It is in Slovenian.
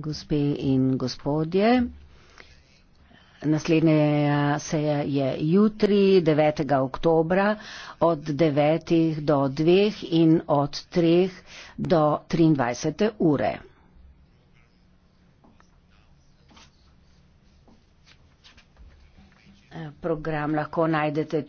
gospe in gospodje. Naslednja seja je jutri, 9. oktobra, od 9. do 2. in od 3. do 23. ure. Program lahko najdete